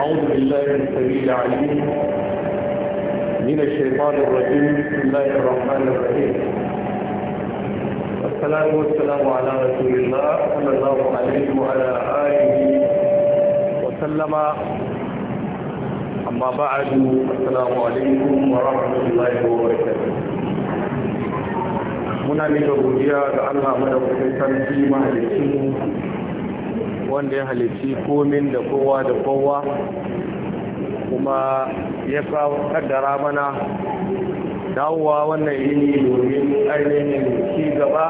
أعوذ بالله السميع العليم من الشيطان الرجيم بسم الله الرحمن الرحيم والسلام والسلام على رسول الله صلى الله عليه وعلى آله وسلم أما بعد السلام عليكم ورحمة الله وبركاته muna ne ga godiya ga Allah madaukakin sarki mahaliccin wanda ya halitti komin da kowa da kowa kuma ya kaddara mana dawowa wannan yini domin ainihin ci gaba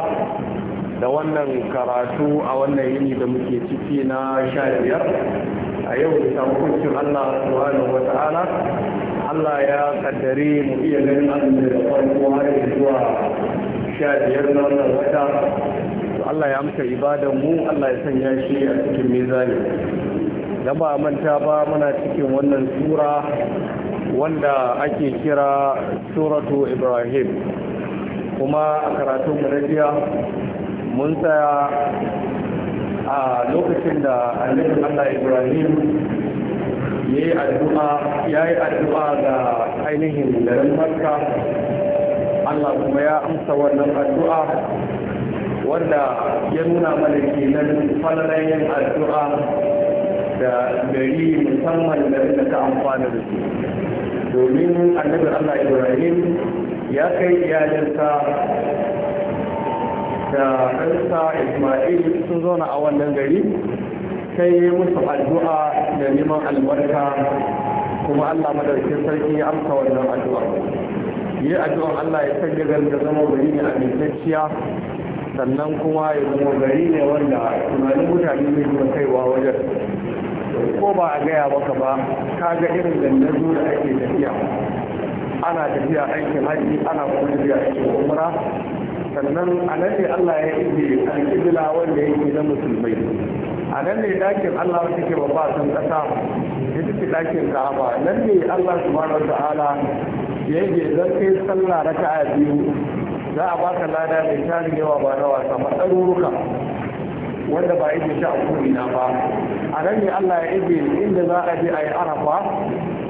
da wannan karatu a wannan yini da muke ciki na sha biyar a yau da hukuncin allah subhanahu wa ta'ala allah ya kaddare mu iya ganin abin da farko har zuwa sha biyar na wannan wata Allah ya amsa ibadan mu Allah ya sanya shi a cikin mizani da ba manta ba muna cikin wannan sura wanda ake kira suratu ibrahim kuma a karatun jiya mun tsaya a lokacin da annabi Allah ibrahim ya yi addu'a ya yi addu'a ga ainihin garin makka Allah kuma ya amsa wannan addu'a wanda ya nuna mana kenan falalan yin addu'a da gari musamman da ta amfana da su domin annabi allah ibrahim ya kai iyalinsa da ɗansa ismail sun zauna a wannan gari sai musu addu'a da neman albarka kuma allah madaukin sarki ya amsa wannan addu'a yi addu'an allah ya sanya garin da zama wuri ne amintacciya sannan kuma ya zama gari ne wanda tunanin mutane zai zuwa kaiwa wajen ko ba a gaya baka ba ka ga irin dandazo da ake tafiya ana tafiya aikin haji ana kuma tafiya aikin umra sannan a nan ne allah ya ije alƙibla wanda yake na musulmai a nan ne ɗakin allah wanda ke babba sun ƙasa ya tafi ɗakin ka'aba nan ne allah subhanahu wa ta'ala ya yi zan kai sallah raka'a biyu za a baka lada mai tarin yawa ba na wasa ɗaruruka wanda ba yake sha kurina ba a nan ne Allah ya ibe inda za a je a yi arafa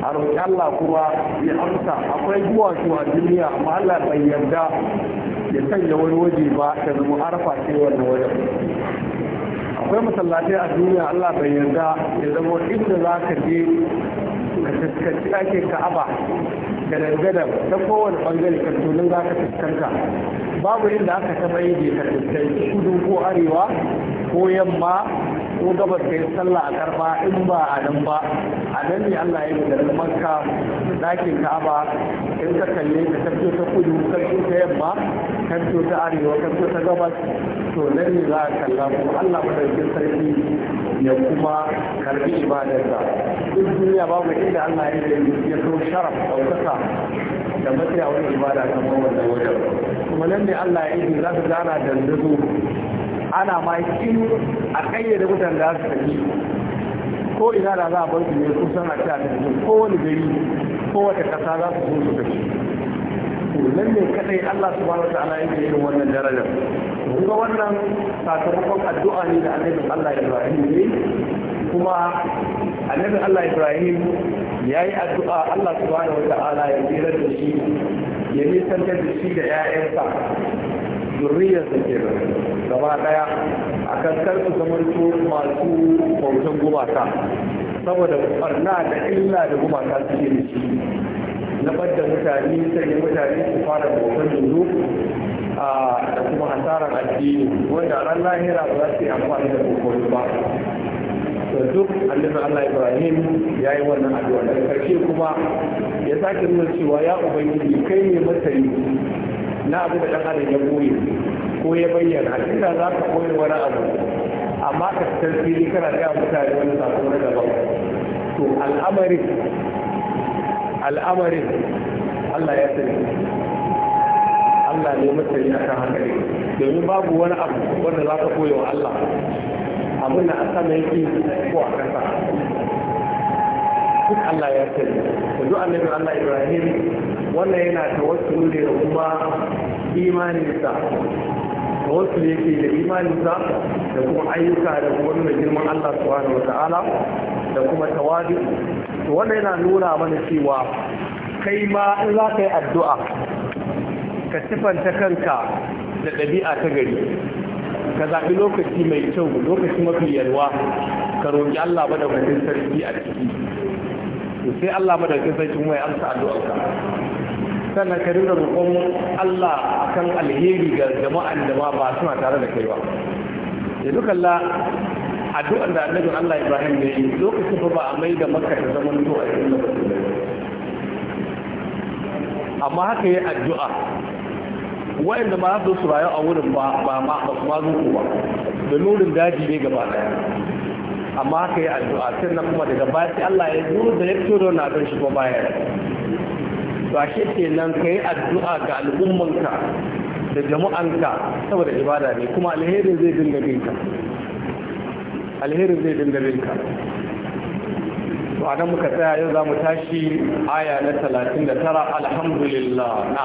a roƙi Allah kuma ya amsa akwai duwatsu a duniya amma Allah bai yarda ya sanya wani waje ba ta zama arafa ce wannan wajen akwai masallatai a duniya Allah bai yarda ya zama inda za ka je ka fuskanci ka'aba da dangadan ta kowane ɓangare ka tunan za ka fuskanta babu inda aka taba yi da ka kudu ko arewa ko yamma ko gabas kai sallah a karba in ba a nan ba a nan ne Allah ya da makka zakin ka'aba in ka kalle ka tafi ta kudu kanto ta yamma kanto ta arewa kanto ta gabas to nan ne za a kalla ko Allah madaukin sarki ya kuma karbi ibadarsa duk duniya babu inda Allah ya da ya so sharaf ɗaukaka da matsaya wani ibada kamar wannan wajen kuma nan ne Allah ya izini za su gana dandazo ana ma kin a kayyade mutane da su tafi ko ina da za a bar su ne kusan a ta tafi ko wani gari ko wata kasa za su zo su tafi nan ne kadai Allah subhanahu ana yin da irin wannan darajar kun ga wannan sakamakon addu'a ne da annabin Allah Ibrahim ne kuma annabin Allah Ibrahim ya yi addu'a Allah subhanahu wa ta'ala ya tsira da shi ya nisantar da shi da ‘ya'yansa su ke gaba ɗaya a kankar su zamanto masu bautan gumaka saboda barna da illa da gumaka suke da shi na ɓadda mutane sanya mutane su fara bautan yanzu da kuma hasarar addini wanda ran lahira ba za su yi amfani da kokon ba to duk annabi Allah Ibrahim ya yi wannan addu'a da karshe kuma ya sake nuna cewa ya ubangiji kai ne masani na abu da dan adam ya boye ko ya bayyana inda za ka koyi wani abu amma ka tarfili kana ga mutane wani sako na daban to al'amarin al'amarin Allah ya sani Allah ne masani akan hankali domin babu wani abu wanda za ka koyi wa Allah abin da aka mai yi ko a kasa duk Allah ya ce da duk annabi Allah Ibrahim wannan yana tawassulu ne da kuma imaninsa tawassulu yake da imaninsa da kuma ayyuka da kuma nuna girman Allah subhanahu wata'ala da kuma tawadi to wannan yana nuna mana cewa kai ma in za ka yi addu'a ka sifanta kanka da ɗabi'a ta gari ka zaɓi lokaci mai kyau lokaci mafi yalwa ka roƙi Allah madaukakin sarki a ciki to sai Allah madaukakin sarki kuma ya amsa addu'arka sannan ka dinga roƙon Allah akan alheri ga jama'an da ma ba suna tare da kai ba ya duka Allah addu'ar da annabi Allah Ibrahim ne lokacin fa ba a mai da Makka ta zaman to a cikin lokacin amma haka yi addu'a wayanda ma su su rayu a wurin ba ba ma ba kuma zuku ba da nurin daji ne gaba daya amma haka yi addu'a sai na kuma daga baya sai Allah ya nuru da ya fito na don shi kuma baya ba shi ke nan ka yi addu'a ga al'ummanka da jama'anka saboda ibada ne kuma alherin zai dinga binka alherin zai dinga binka to a nan muka tsaya yau za mu tashi aya na 39 alhamdulillah na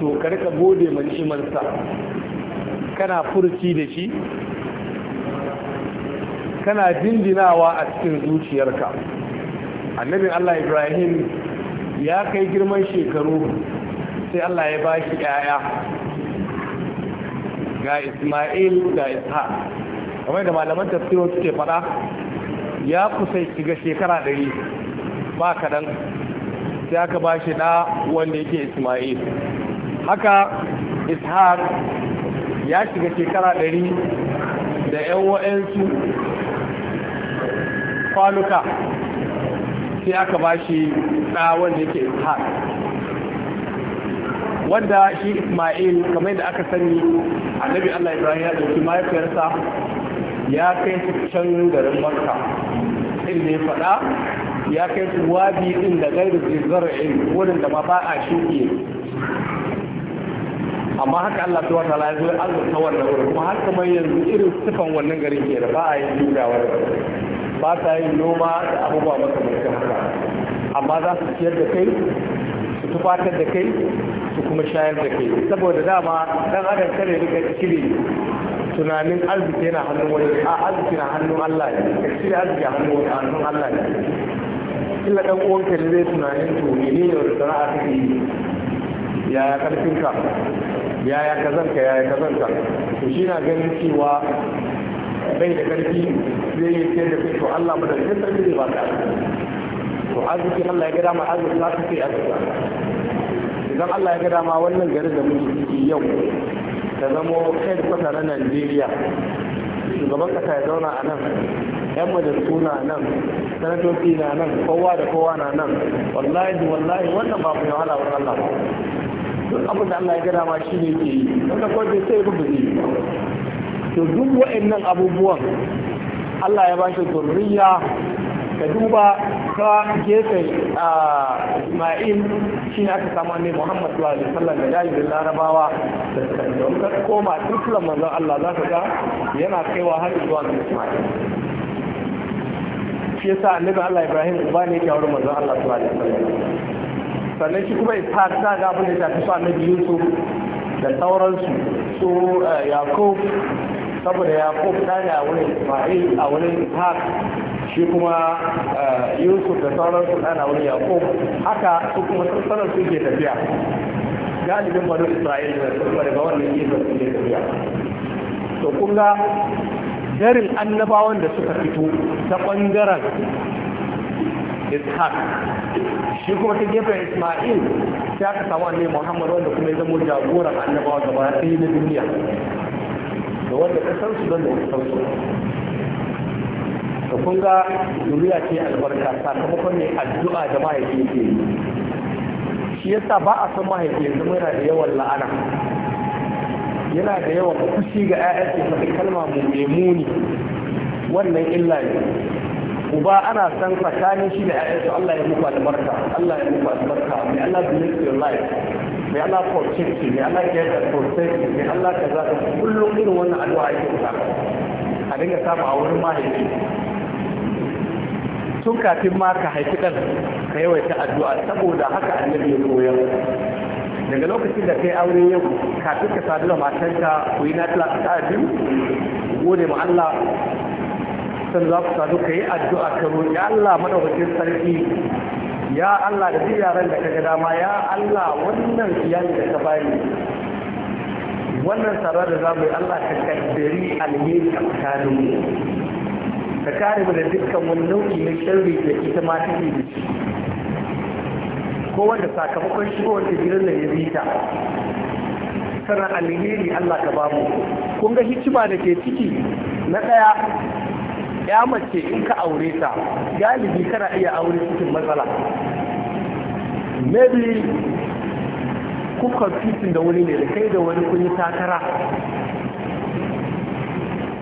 to karka gode ma ni'imarsa kana furci da shi kana dindinawa a cikin zuciyarka annabin Allah Ibrahim ya kai girman shekaru sai Allah ya bashi yaya ga Ismail ga Isha kamar da malaman tafsiro suke fada ya kusa shiga shekara ɗari ba kaɗan sai aka bashi ɗa wanda yake Ismail haka ishar ya shiga shekara ɗari da yan wa'ansu kwanuka sai aka ba shi ɗa wanda yake ishar wanda shi ismail kamar yadda aka sani annabi allah ibrahim ya ɗauki mahaifiyarsa ya kai su can garin makka inda ya faɗa ya kai su wabi inda gairu zara'in wurin da ma ba a shuke amma haka Allah ta wata la zo azurta wannan wurin kuma haka mai yanzu irin sifan wannan garin ke da ba a yi judawa da ba ta yin noma da abubuwa makamantan haka amma za su ciyar da kai su tufatar da kai su kuma shayar da kai saboda dama dan adam kare duka cire tunanin arziki yana hannun wani a arziki na hannun Allah ne ka cire arziki a hannun Allah ne kila dan ka ne zai tunanin to menene wannan da sana'a take yi karfin ka. yaya kazanka yaya kazanka to shi na ganin cewa bai da ƙarfi zai yi sai da to Allah ba da kai sarki zai ba ka to arziki Allah ya ga dama arziki za ka kai arziki idan Allah ya ga dama wannan garin da muke ciki yau ta zamo kai kwata na Najeriya shugaban kasa ya zauna a nan yan majalisu na nan sanatoci na nan kowa da kowa na nan wallahi wallahi wannan ba mu wahala wa Allah abin da Allah ya gada ma shi ne ke yi wanda kuma bai sai rubu ne to duk wa'annan abubuwan Allah ya bashi zurriya ka duba ta gefen Ismail shi ne aka samu ne Muhammad wa alaihi sallam da dai da Larabawa da don ka koma tutula manzon Allah za ka ga yana kaiwa har zuwa ga Ismail shi yasa annabi Allah Ibrahim uba ne ya wurin manzon Allah sallallahu alaihi wasallam sannan shi kuma ishaq za ga abin da sa su biyu yusuf da sauransu su eh, yakub saboda yakub ɗaya a wurin isma'il a wurin ishaq shi kuma eh, yusuf da sauransu ta na wurin yakub haka su kuma sassanar su ke tafiya galibin banu isra'il da su daga wannan gefen su ke tafiya to kun ga darin annabawan da suka fito ta ɓangaren ishaq shi kuma ta gefen isma'il sai aka samu annabi muhammad wanda kuma ya zama jagoran annabawa gaba ɗaya na duniya da wanda ka san su don da wasu san su da kun ga duniya ce albarka sakamakon ne addu'a da mahaifi ke yi shi yasa ba a san mahaifi zama yana da yawan la'ana yana da yawan fushi ga 'ya'yansa ta kalma mu muni wannan illa ne uba ana san tsakanin shi da ƴaƴansu Allah ya muku albarka Allah ya muku albarka may Allah bless your life may Allah protect you may Allah get that protect you may Allah kaza da kullum irin wannan addu'a ake ta a dinga samu a wurin mahaifi tun kafin ma ka haifi ɗan ka yawaita addu'a saboda haka annabi ya koya daga lokacin da kai aure yau kafin ka sadu da matanka ku yi na a biyu gode ma Allah san za ku sadu ka yi addu'a ka ya Allah madaukakin sarki ya Allah da duk yaran da kaga dama ya Allah wannan iyali da ka bani wannan tsara da za mu yi Allah ka kaddari alheri a tsakanin mu ka kare mu da dukkan wani nau'i na sharri da ita ma ta da shi ko wanda sakamakon shigowar da gidan da ya bita sannan alheri Allah ka bamu. kun ga hikima da ke ciki na ɗaya ya mace in ka aure ta galibi kana iya aure cikin matsala maybe kukan titin da wani ne da kai da wani kun yi takara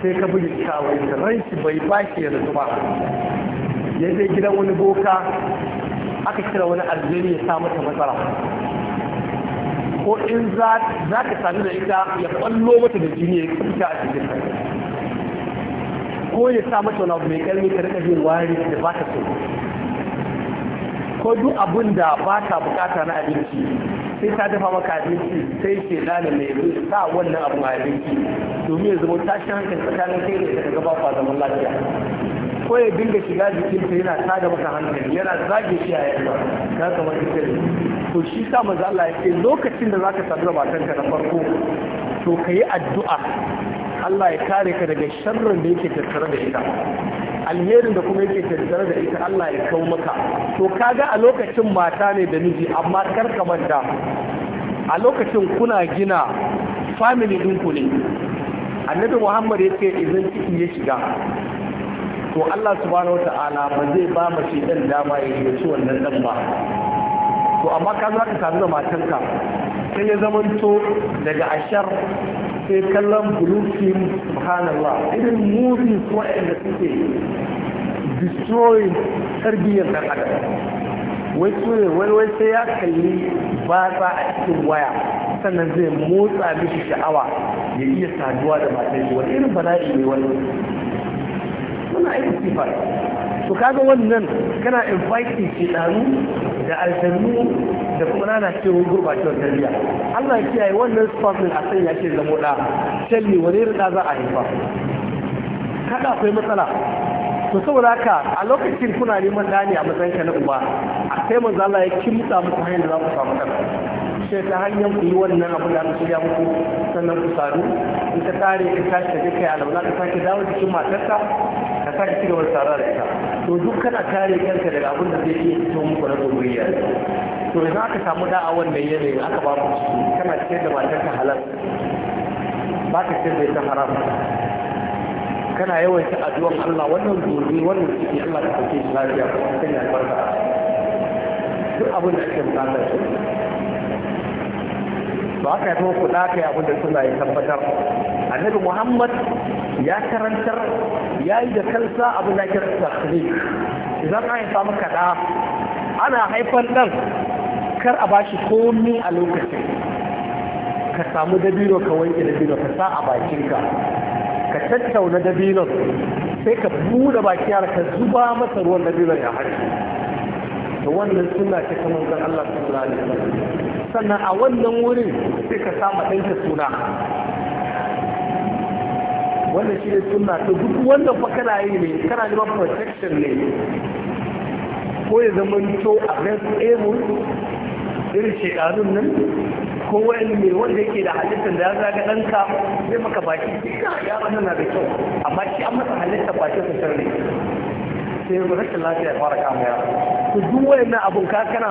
sai ka bugi kawai da rai shi bai baki shi ba ya je gidan wani boka aka kira wani aljeri ya sa mata matsala ko in za ka sami da ita ya kwallo mata da jini ya fita a cikin ko ya sa mata wani abu mai karni ta rika jin wari da ba ta so ko duk abun da ba ta bukata na abinci sai ta dafa maka abinci sai ke dana mai sa wannan abu a abinci domin ya zama ta tashin hankali tsakanin kai da daga gaba ba zaman lafiya ko ya dinga shiga jikinta yana tada maka hankali yana zage shi a yanzu ka kamar ita to shi sa manzo Allah ya ce lokacin da zaka sadu da matanka na farko to kayi addu'a Allah ya kare ka daga sharrin da yake tattare da ita alherin da kuma yake tattare da ita Allah ya kawo maka to kaga a lokacin mata ne da miji amma kar ka manta a lokacin kuna gina family ku ne annabi Muhammad ya ce idan ciki ya shiga to Allah subhanahu wata'ala ba zai ba mace dan dama ya yi ci wannan dan ba to amma ka ka samu matanka sai ya zamanto daga ashar sai kallon bulufin subhanallah irin movies waɗanda suke destroying tarbiyyar ɗan adam wai tsore wai sai ya kalli batsa a cikin waya sannan zai motsa mishi sha'awa ya iya saduwa da matan shi wani irin bala'i ne wani Suna irin sifar to kaga wannan kana inviting ɗanu da aljannu da kuma lalacewar gurbacewar tarbiyya Allah ya kiyaye wannan sufafin a sanya ya ce zamo da shalli wani rida za a haifa kada akwai matsala to saboda haka a lokacin kuna neman ɗani a matsayin ka na uba a sai manzo Allah ya kimta muku hanyar da za ku samu kanka ce ta hanyar ku yi wannan abu da aka shirya muku sannan ku sadu in ka tare ka tashi ka kai alwala ka sake dawo cikin matarka ka sake ci gaba tsara da ita to duk kana kare kanka daga abin da zai iya fito muku na zuriya to yanzu aka samu da'a wannan yanayin aka ba mu ciki kana ciyar da ka halal ba ka ciyar da ita haram kana yawan ta addu'an Allah wannan zuri wannan ciki Allah ta sauke shi lafiya ka sanya albarka duk abin da ake bukata shi ba aka yi ku da ka yi abin da suna yi tabbatar annabi muhammad ya karantar ya yi da kansa abin da kira tasiri idan an haifa maka da ana haifar ɗan kar a bashi komi a lokacin ka samu dabino ka wanke dabino ka sa a bakinka ka tattauna dabino sai ka buɗe baki yara ka zuba masa ruwan dabino ya harshe to wannan suna ce kamar Allah sallallahu alaihi sannan a wannan wurin sai ka samu ɗanka suna wannan shi ne suna ta duk wannan fa kana yi ne kana neman protection ne ko ya zama to a against evil irin shekarun nan ko wani ne wanda yake da halittar da ya zaga ɗanka zai maka baki duka ya wannan na da kyau amma shi an masa halittar bakin sa sirri sai rashin lafiya ya fara kama yaro ku duk wayannan abin ka kana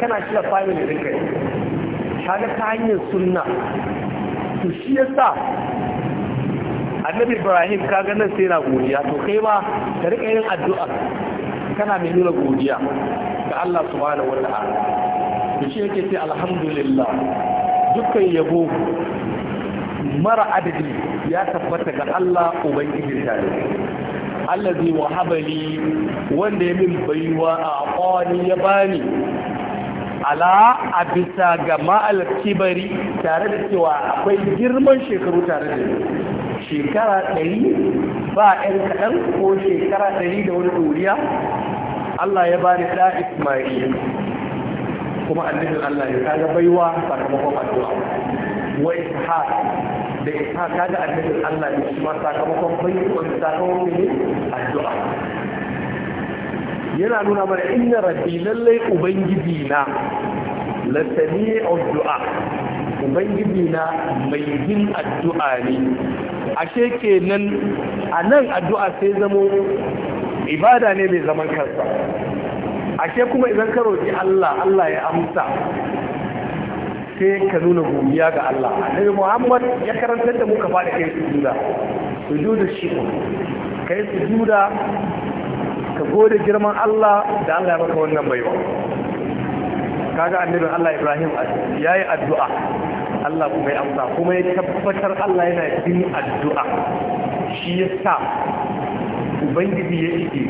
kana kira family din kai kaga ta hanyar sunna to shi yasa annabi ibrahim kaga nan sai na godiya to kai ma ka rika yin addu'a kana mai nuna godiya ga Allah subhanahu wata'ala to shi yake sai alhamdulillah dukkan yabo mara adadi ya tabbata ga Allah ubangiji Allah zai wahabali wanda ya min baiwa a ya bani ala a bisa ga ma'al kibari tare da cewa akwai girman shekaru tare da shekara ɗari ba ‘yan kaɗan ko shekara ɗari da wani ɗoriya Allah ya bani ɗa Ismail kuma annabin Allah ya kaga baiwa sakamakon addu'a wa isha da isha kaga annabin Allah ne kuma sakamakon baiwa sakamakon ne addu'a yana nuna mana inna rabbi lallai ubangiji na la sami'u du'a ubangiji na mai jin addu'a ne ashe kenan anan addu'a sai zamo ibada ne mai zaman kansa ashe kuma idan ka roki Allah Allah ya amsa sai ka nuna godiya ga Allah annabi Muhammad ya karanta da mu ka fada kai sujuda sujuda shi kai sujuda ka gode girman Allah da Allah ya maka wannan baiwa kaga annabin Allah Ibrahim yayi addu'a Allah kuma ya amsa kuma ya tabbatar Allah yana jin addu'a shi yasa ubangiji ya ike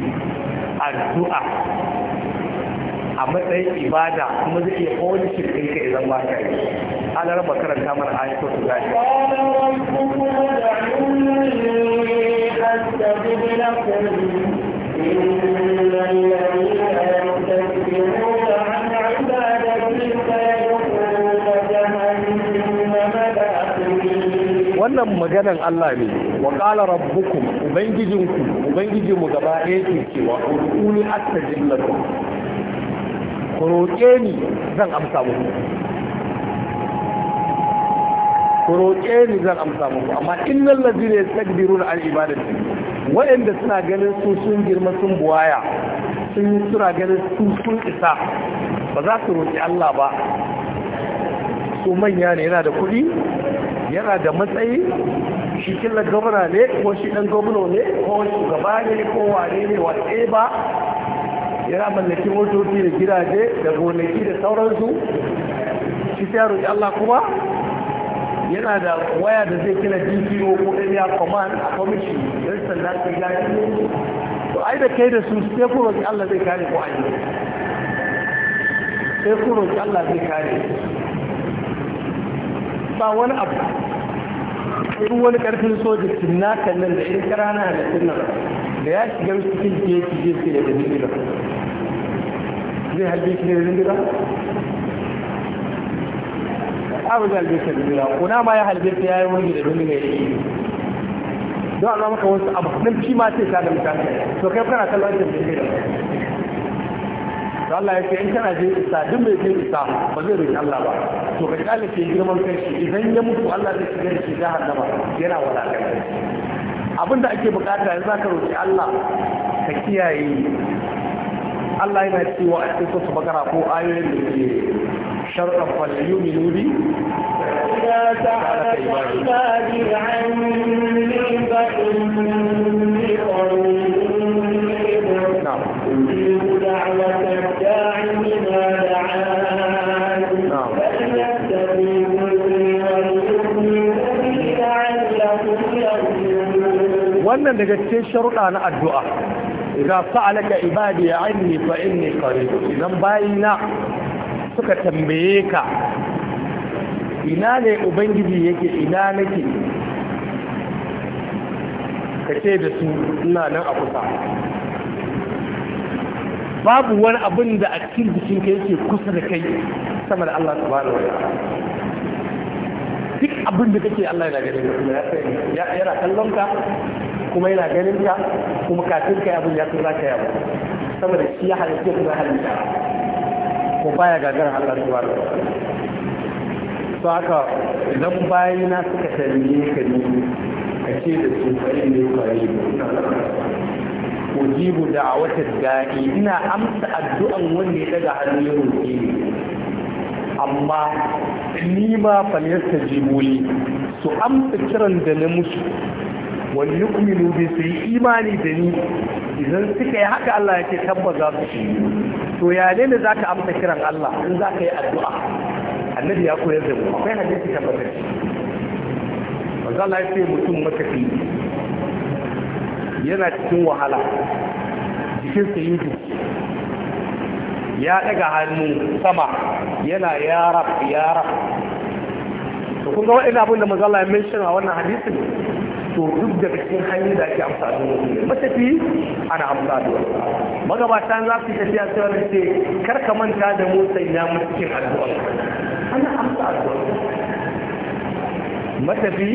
addu'a a matsayin ibada kuma zai iya kowane shirkin ka idan ba ka yi ala raba karanta mana ayat ko su gani قال ربكم wannan maganan Allah ne wa qala rabbukum ubangijinku ubangijinmu gaba ɗaya ke cewa uni astajib lakum ku roƙe ni zan amsa muku ku roƙe ni zan amsa muku amma innal ladina yastakbiruna an ibadati waɗanda suna ganin su sun girma sun buwaya sun yi suna ganin su sun isa ba za su roƙi Allah ba su manya ne yana da kuɗi yana da matsayi shi killa gwamna ne ko shi ɗan gwamna ne ko gaba ne ko wane ne wane ba yana mallakin motoci da gidaje da gonaki da sauransu shi ta roƙi Allah kuma yana da waya da zai kira dpo ko area command a kwamishi don sanda ta gani ne to ai da kai da su sai ku roƙi allah zai kare ku ayi sai ku roƙi allah zai kare ba wani abu duk wani karfin soja tinnakan nan da irin ƙarana da nan da ya shiga cikin jeji jeji da dalilin zai halbe shi ne da dalilin abu zalbe ta duniya kuna ma ya halbe ta yayin wani da duniya ya yi don Allah maka wasu abu nan shi ma ce ta da mutane to kai kana kallon ta da kai Allah ya ce in kana jin isa duk mai jin isa ba zai roki Allah ba to ka kyale ke girman kai shi idan ya mutu Allah zai shiga da shi jahannama yana wadatar abin da ake bukata yanzu ka roƙi Allah ka kiyaye Allah yana cewa a cikin su bakara ko ayoyin da ke sharɗan falayu minuri إذا سألك عبادي عني فإني قريب أجيب دعوة الداع إذا دعان فليستجيبوا لي وليؤمنوا بي لعلهم يرجعون. wannan daga cikin sharuɗa na addu'a idza sa'alaka ibadi anni fa inni qarib idan bayina suka tambaye ka ina ne ubangiji yake ina nake ka ce da su ina nan a kusa babu wani abin da a cikin jikin ka yake kusa da kai sama da Allah subhanahu wa ta'ala duk abin da kake Allah yana ganin ya yana kallon ka kuma yana ganin ta kuma kafin kai abin ya so za ka yi abu saboda shi ya halitta kuma halitta ko baya gagarin Allah zuwa da to haka idan bayina suka tambaye ka ni a ce da su bari ne bari ujibu wata da'i ina amsa addu'an wanda ya daga hannu ya roƙe ni amma fa ma falyasta jibuli su amsa kiran da na musu wani yu'minu bi su yi imani da ni idan suka yi haka Allah yake tabba za su shi to ya ne ne ka amsa kiran Allah in ka yi addu'a annabi ya koyar da mu akwai hadisi tabbatacce manzo Allah ya ce mutum makafi yana cikin wahala jikinsa yi ya daga hannu sama yana ya rab ya rab to kun ga wa'in abin da manzo Allah ya mention a wannan hadisin to duk da cikin hanyar da ake amsa da wasu matafi ana amsa da wasu magabata za su tafiya su wani ce kar ka manta da mu sanya mu cikin addu'a ana amsa addu'a matafi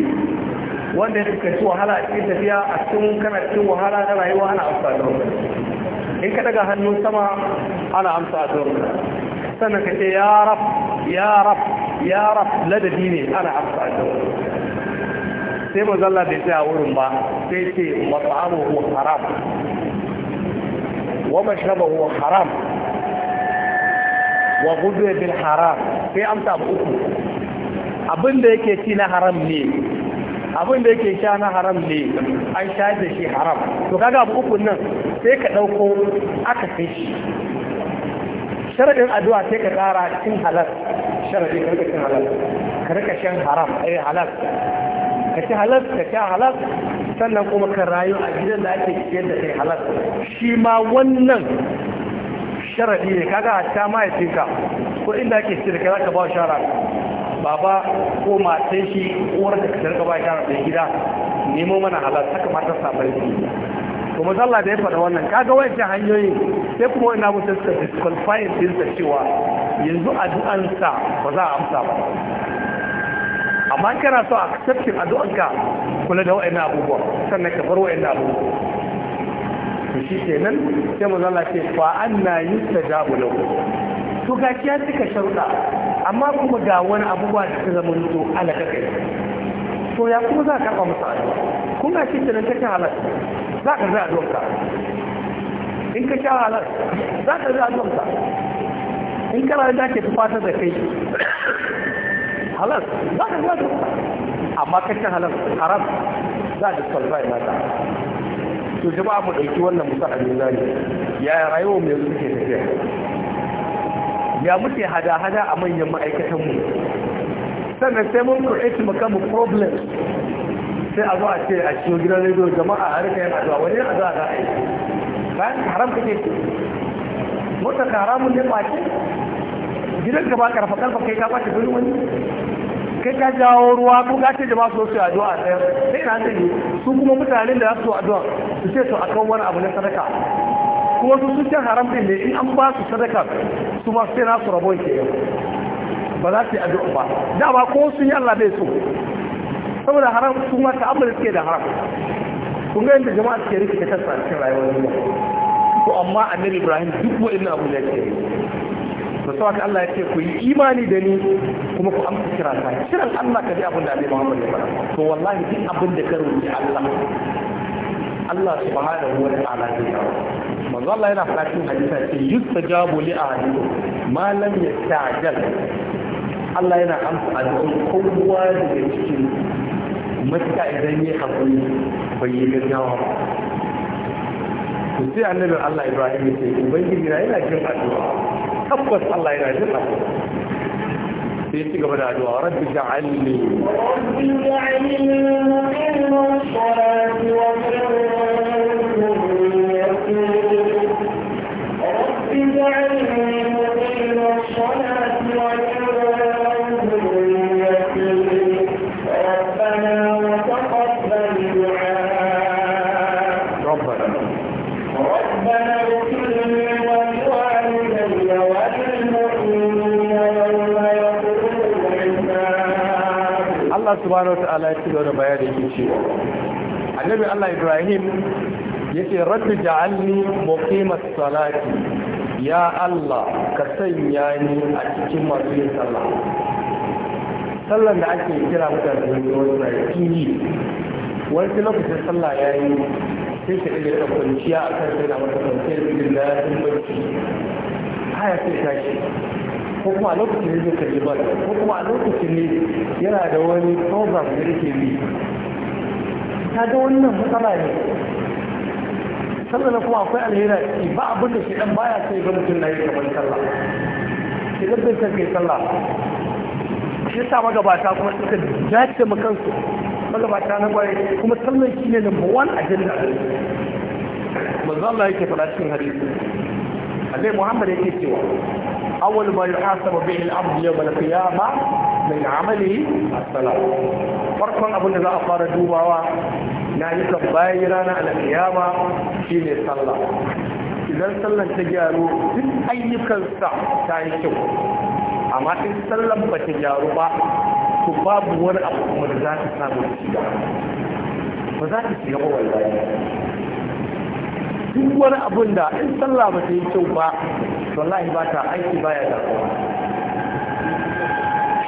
wanda ya suka ci wahala a cikin tafiya a cikin kana cikin wahala na rayuwa ana amsa da wasu in ka daga hannun sama ana amsa da wasu sannan ka ce ya rab ya rab ya rab ladabi ne ana amsa da wasu sai mazalla bai tsaya wurin ba sai ce mat'amuhu haram wa mashrabahu haram wa gudu bil haram sai amsa ba uku abin da yake ci na haram ne abin da yake sha na haram ne an sha da shi haram to kaga abu uku nan sai ka dauko aka kai shi sharadin addu'a sai ka tsara cin halal sharadin karka cin halal karka shan haram ai eh, halal ka ci halas ka ci halas sannan kuma ka rayu a gidan da ake ciyar da kai halas shi ma wannan sharadi ne kaga hatta mahaifinka ko inda ake ciyar da kai zaka ba shara baba ko matan shi uwar da ka ba shara da gida nemo mana halas haka matan safari kuma zalla da ya faɗa wannan kaga wancan hanyoyi sai kuma ina abu ta suka disqualifying cewa yanzu addu'ansa ba za a amsa ba amma kana so a tafkin addu'anka kula da wa'annan abubuwa sannan ka bar wa'annan abubuwa to shi kenan sai manzo Allah ce fa anna yustajabu lahu to ga kiya suka sharuɗa amma kuma ga wani abubuwa da ta zama nuto alaka kai to ya kuma za ka karɓa masa addu'a kun ga shi kenan ta halal za ka zai addu'anka in ka sha halal za ka zai addu'anka in kana da ke tufatar da kai halal za ka biya duka amma kace halal haram za ka disqualify naka to jama'a mu ɗauki wannan musa a mizani yaya rayuwar mu yanzu take tafiya ya muke hada-hada a manyan ma'aikatanmu sannan sai mun create makamu problem sai a zo a ce a cikin gidan rediyo jama'a a rika yin addu'a wani yin a za a yi bayan haram kake ce mota ka haramun ne ba ce gidan ka ba karfa karfa kai ka ba ta wani kai ka jawo ruwa ko ka ce jama'a su su addu'a ɗaya sai ina ce yi su kuma mutanen da za su addu'a su ce su akan wani abu na sadaka kuma su sun haram din ne in an ba su sadaka su ma sai na su rabo ke ba za su yi addu'a ba dama ko sun yi Allah bai so saboda haram su ma ta'ammali suke da haram kun ga yadda jama'a suke rike ta kansa a cikin rayuwar duniya to amma annabi Ibrahim duk wa'annan abu ne yake yi to sai Allah ya ce ku yi imani da ni kuma ku amsa kira ta kiran Allah ka ji abin da Annabi Muhammad ya fara to wallahi duk abin da ka rubuta Allah Allah subhanahu wa ta'ala zai yi manzo Allah yana fara cikin hadisi ce yustajabu li ahli ma lam yastajal Allah yana amsa addu'ar kowa daga cikin mutaka idan yi hakuri bai yi gaggawa ba to sai annabi Allah Ibrahim ya ce ubangiji na yana jin addu'a tabbas Allah yana jin abu sai ci gaba da addu'a rabbi ja'alni rabbi ja'alni min salati wa min Allah subhanahu wataala ya cigaba da bayani yake ce annabi Allah Ibrahim yace rabbi ja'alni muqimat salati ya Allah ka sanya ni a cikin masu yin sallah sallan da ake kira mutane da wani wani lokacin sallah ya yi sai ka iya ta kwanciya a kan sai na wata kwanciyar da ya sun barci haya sai tashi ko kuma a lokacin ne zai karbi ba ko kuma a lokacin ne yana da wani program da yake bi ta ga wannan matsala ne sannan kuma akwai alhera ki ba abin da shi dan baya sai ga mutum na yi kamar sallah shi da bai sai sallah shi sa magabata kuma suka jace mu kansu magabata na kwaye kuma sallan shi ne number 1 agenda manzo Allah yake fara cikin hadisi Allah Muhammad yake cewa awal ma yi hasa ba bihin abin yau ba mai amali a salam farkon abinda za a fara dubawa na yi tambayin rana a shine shi sallah idan sallar ta gyaru duk ayyukansa ta yi kyau amma in sallar bata gyaru ba ku babu wani abu kuma da za ta samu ba za ta shiga wallahi duk wani abun da in sallah ba ta yi kyau ba wallahi ba ta aiki baya da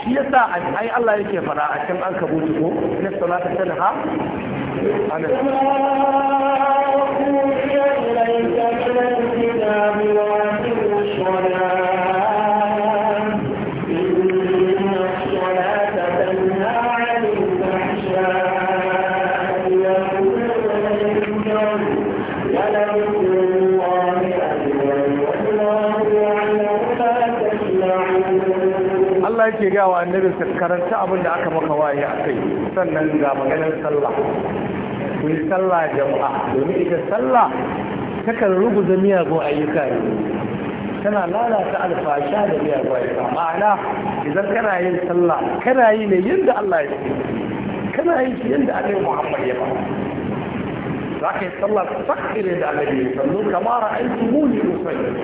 shi ya sa ai Allah yake fara a can an kabutu ko na salata tanha ana wa annabi ka karanta abin da aka maka waye a kai sannan ga maganar sallah ku yi sallah jama'a domin ita sallah takan ruguza miyagun ayyuka ne tana lalata alfasha da miyagun ayyuka ma'ana idan kana yin sallah kana yi ne yadda Allah ya ce kana yi yadda Allah Muhammad ya ba za ka yi sallah ta sakire da Allah ya sallu kamar aiki muni usalli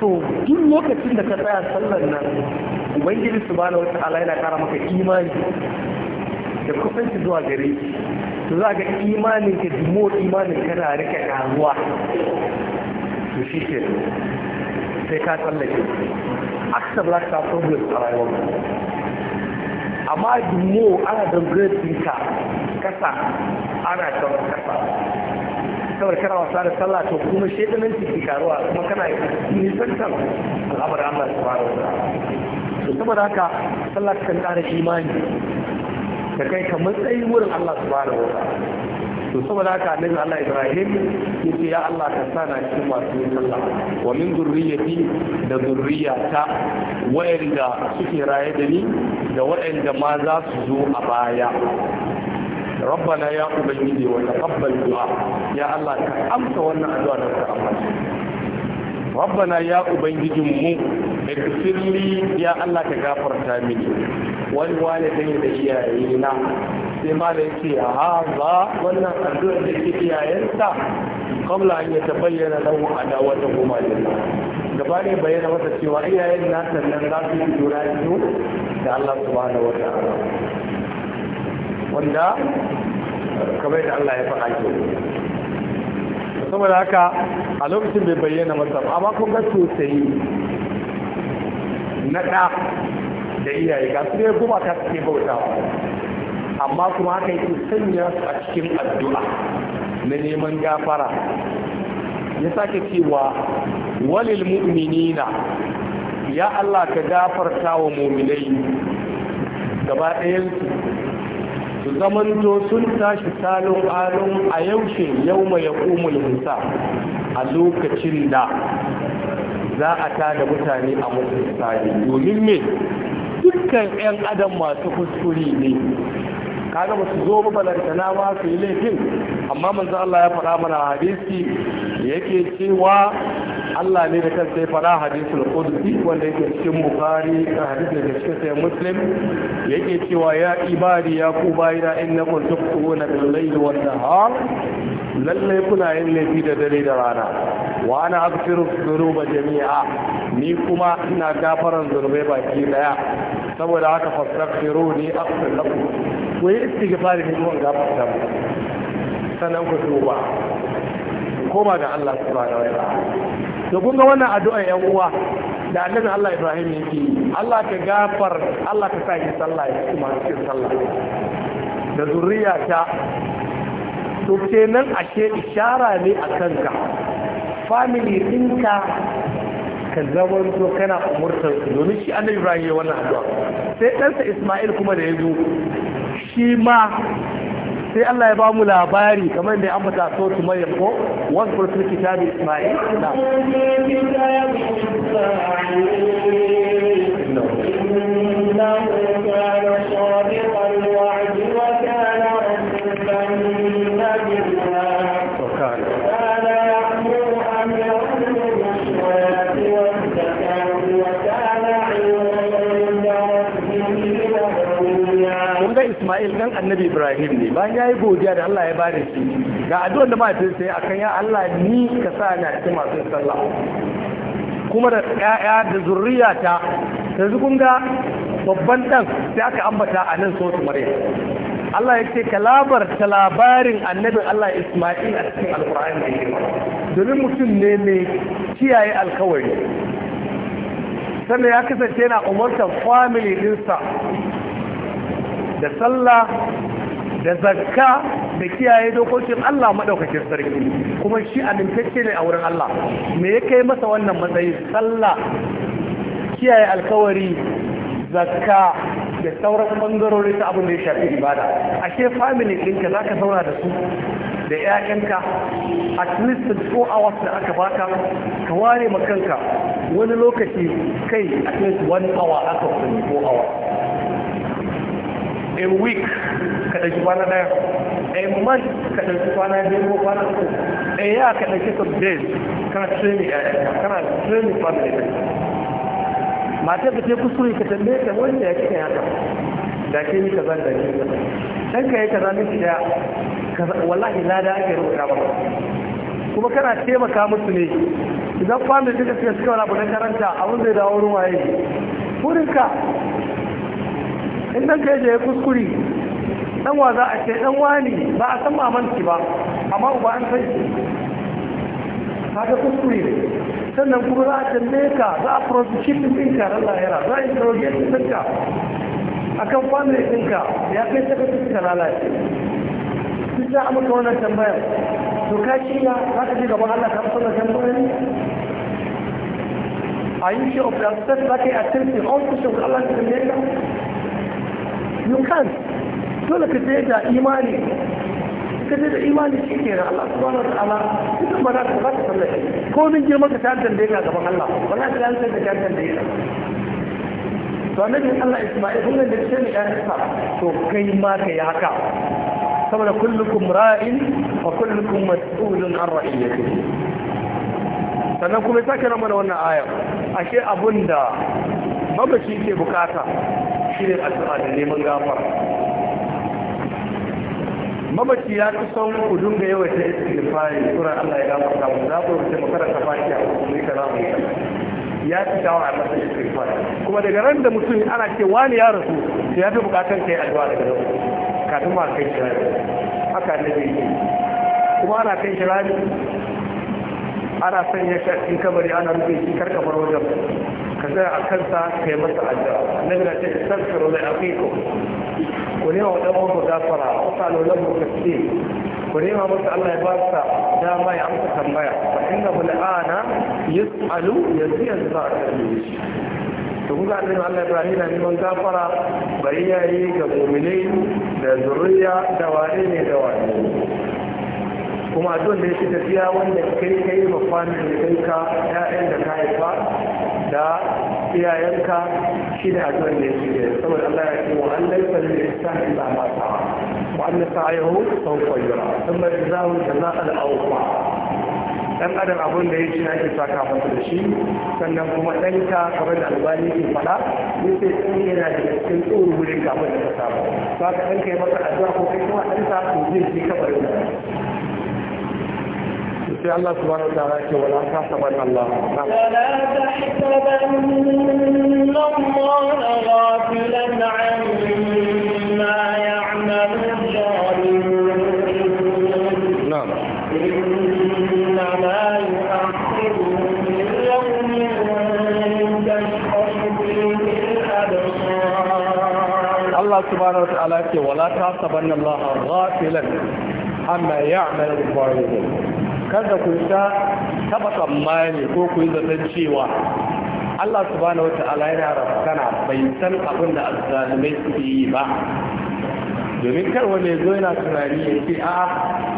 to duk lokacin da ka tsaya sallar nan ubangiji subhanahu wata'ala yana kara maka imani da kusanci zuwa gare to za ga imanin ka jimo imanin kana rika karuwa to shi ke sai ka tsallake aksa black star problem a rayuwar amma jimo ana don ka kasa ana don kasa asabar kana wasa da sallah to kuma nan ciki karuwa kuma kana nisantar al'amarin Allah subhanahu wa ta'ala to saboda haka sallah kan kara imani da kai ka matsayi wurin Allah subhanahu wa ta'ala to saboda haka annabi Allah Ibrahim yace ya Allah ka sana cikin masu yin sallah wa min zurriyyati da zurriyata wayanda suke raye da ni da wayanda ma za su zo a baya rabbana ya ubangiji wa taqabbal du'a ya Allah ta amsa wannan addu'a da ka amsa rabbana ya ubangijin mu ikfirli ya Allah ka gafarta mini wani walidai da iyayena sai malam ce a haza wannan addu'ar da iyayensa ya ta bayyana lahu ada wata goma lillah gaba ne bayyana masa cewa iyayen nasa nan za su yi jura da Allah subhanahu wa ta'ala wanda kamar da Allah ya faɗa ke saboda haka a lokacin bai bayyana masa amma kun ga sosai na ɗa da iyaye ga su ne kuma ta suke bauta amma kuma haka yake sanya su a cikin addu'a na neman gafara ya sake cewa walil mu'minina ya Allah ka gafarta wa mu'minai gaba ɗayan su. su zamanto sun tashi salon alon a yaushe yau mai ya a lokacin da za a tada mutane a musu misali domin me dukkan 'yan adam masu kuskuri ne kaga ba su zo balantana ba su yi laifin amma manzo Allah ya faɗa mana hadisi yake cewa Allah ne da kansa ya fara hadisul qudsi wanda yake cikin bukhari da hadisi da cikin sahih muslim yake cewa ya ibadi ya ku bayra innakum tuqtuna bil layl wan nahar lalle kuna yin laifi da dare da rana wa ana aghfiru dhunuba jami'a ni kuma ina gafaran zurbai baki daya saboda haka fastaghfiru ni aghfir lakum ku yi ni ne kuma gafarta sanan ku tuba koma ga Allah subhanahu wa ta'ala to kun ga wannan addu'a yan uwa da annabi Allah Ibrahim yake yi Allah ka gafar Allah ka sa ki sallah ya kuma cikin sallah da zuriya ta to kenan ashe ishara ne a kanka family ɗinka ka zama to kana umurtar su domin shi annabi Ibrahim ya wannan addu'a sai ɗansa Isma'il kuma da ya zo shi ma sai Allah ya ba mu labari kamar da ya bata so su mai ko wasu kitabi Ismail na annabi ibrahim ne bayan ya yi godiya da allah ya ba da shi ga addu'ar da mahaifinsa ya akan ya allah ni ka sa ni a cikin masu sallah kuma da ƴaƴa da zuriya ta yanzu kun ga babban ɗan sai aka ambata a nan sosu maryam Allah ya ce kalabar ta labarin annabin Allah Ismail a cikin Alƙur'ani da domin mutum ne mai kiyaye alkawari sannan ya kasance yana umartar family dinsa da sallah da zakka da kiyaye dokokin Allah madaukakin sarki kuma shi amintacce ne a wurin Allah me ya kai masa wannan matsayin sallah kiyaye alkawari zakka da sauran bangarori ta abin da ya shafi ibada ashe family ɗinka za ka zauna da su da 'ya'yanka at least two hours da aka baka ka ware kanka wani lokaci kai at least one hour aka ko hours a week ka ɗauki kwana ɗaya a month ka ɗauki kwana biyu ko kwana uku a ya ka ɗauki some days kana training ƴaƴanka eh, kana training family ɗin matar da ta kuskure ka tambaye ta wanda ya kika haka da ke yi kaza da ke yi kaza dan ka yi kaza miki da wallahi da ake rubuta ba kuma kana taimaka musu ne idan family duka suka suka wani abu na karanta abin ya dawo ruwaye wurinka in nan kai da ya kuskure dan wa za a ce dan wani ba a san mamanci ba amma uba an san shi ga kuskure ne sannan kuma za a tambaye ka za a cikin ɗinka ran lahira za a interrogation ɗinka akan family ɗinka ya kai saka suka lalace duk za a maka wannan tambayar to ka ya za ka ji gaban Allah ka fasa tambayoyi a yi shi of the upset za ka yi a tilfin ofishin Allah ta tambaye ka you can't dole ka je da imani ka je da imani shi ke da Allah subhanahu wa ta'ala duk ba za ta ba ka sallaci ko min girma ka ta dande ka gaban Allah ba za ka yi da ta dande ka to annabin Allah Isma'il kun da shi ne ya sa to kai ma ka yi haka saboda kullukum ra'in wa kullukum mas'ulun an ra'iyatihi sannan kuma sake mana wannan ayar ashe abunda mabashi ke bukata shi addu'a da neman gafara mamaci ya fi son ku dinga yawaita istighfari sura Allah ya gafarta mu za ku rubuta makaranta fatiha mu yi kaza mu yi kaza ya fi dawa a masa istighfari kuma daga ran da mutum ana ce wani ya rasu to ya fi bukatar kai addu'a daga nan kafin ma kai shi haka ne zai yi kuma ana kai shi ana sanya shi a cikin kabari ana rufe shi karkafar wajen ka tsaya a kansa kai masa addu'a annabi ce istaghfiru li aqikum ku nema wa dan uwanku gafara wa qalu lahu tasbih ku ma masa Allah ya ba sa dama ya amsa tambaya fa innahu al'ana yus'alu yanzu yanzu za a tambaye shi to kuka annabi Allah Ibrahim na neman gafara bari yi ga mu'minai da zuriya da wane ne da wane kuma don da ya fi tafiya wanda kai kai mafanin da kai ka 'ya'yan da ka haifa da iyayenka shi da addu'ar da yake da saboda Allah ya ce wa Allah laifa da ihsan illa ma ta wa anna sa'ahu sawfa yura thumma jazahu jazaa'al awfa dan adam abun da yake na ke saka masa da shi sannan kuma dan ta kamar da albani ke fada ne sai tsin yana da cikin tsoro wurin kamar da ka samu to ka dan kai masa addu'a ko kai kuma dan ta ko zai ji kamar da sai Allah subhanahu wa ta'ala ce wala tahsaban Allah wala tahsaban Allah ghafilan amma ya'malu الظالمون نعم إنما يؤخرهم ليوم تشخص فيه الأبصار الله سبحانه وتعالى ولا تحسبن الله غافلا amma ya'malu zalimun kada ku ta taba tsammani ko ku yi zaton cewa Allah subhanahu wata'ala yana rafkana bai san abin da azzalimai suke yi ba domin kar wanda zo yana tunani ya ce a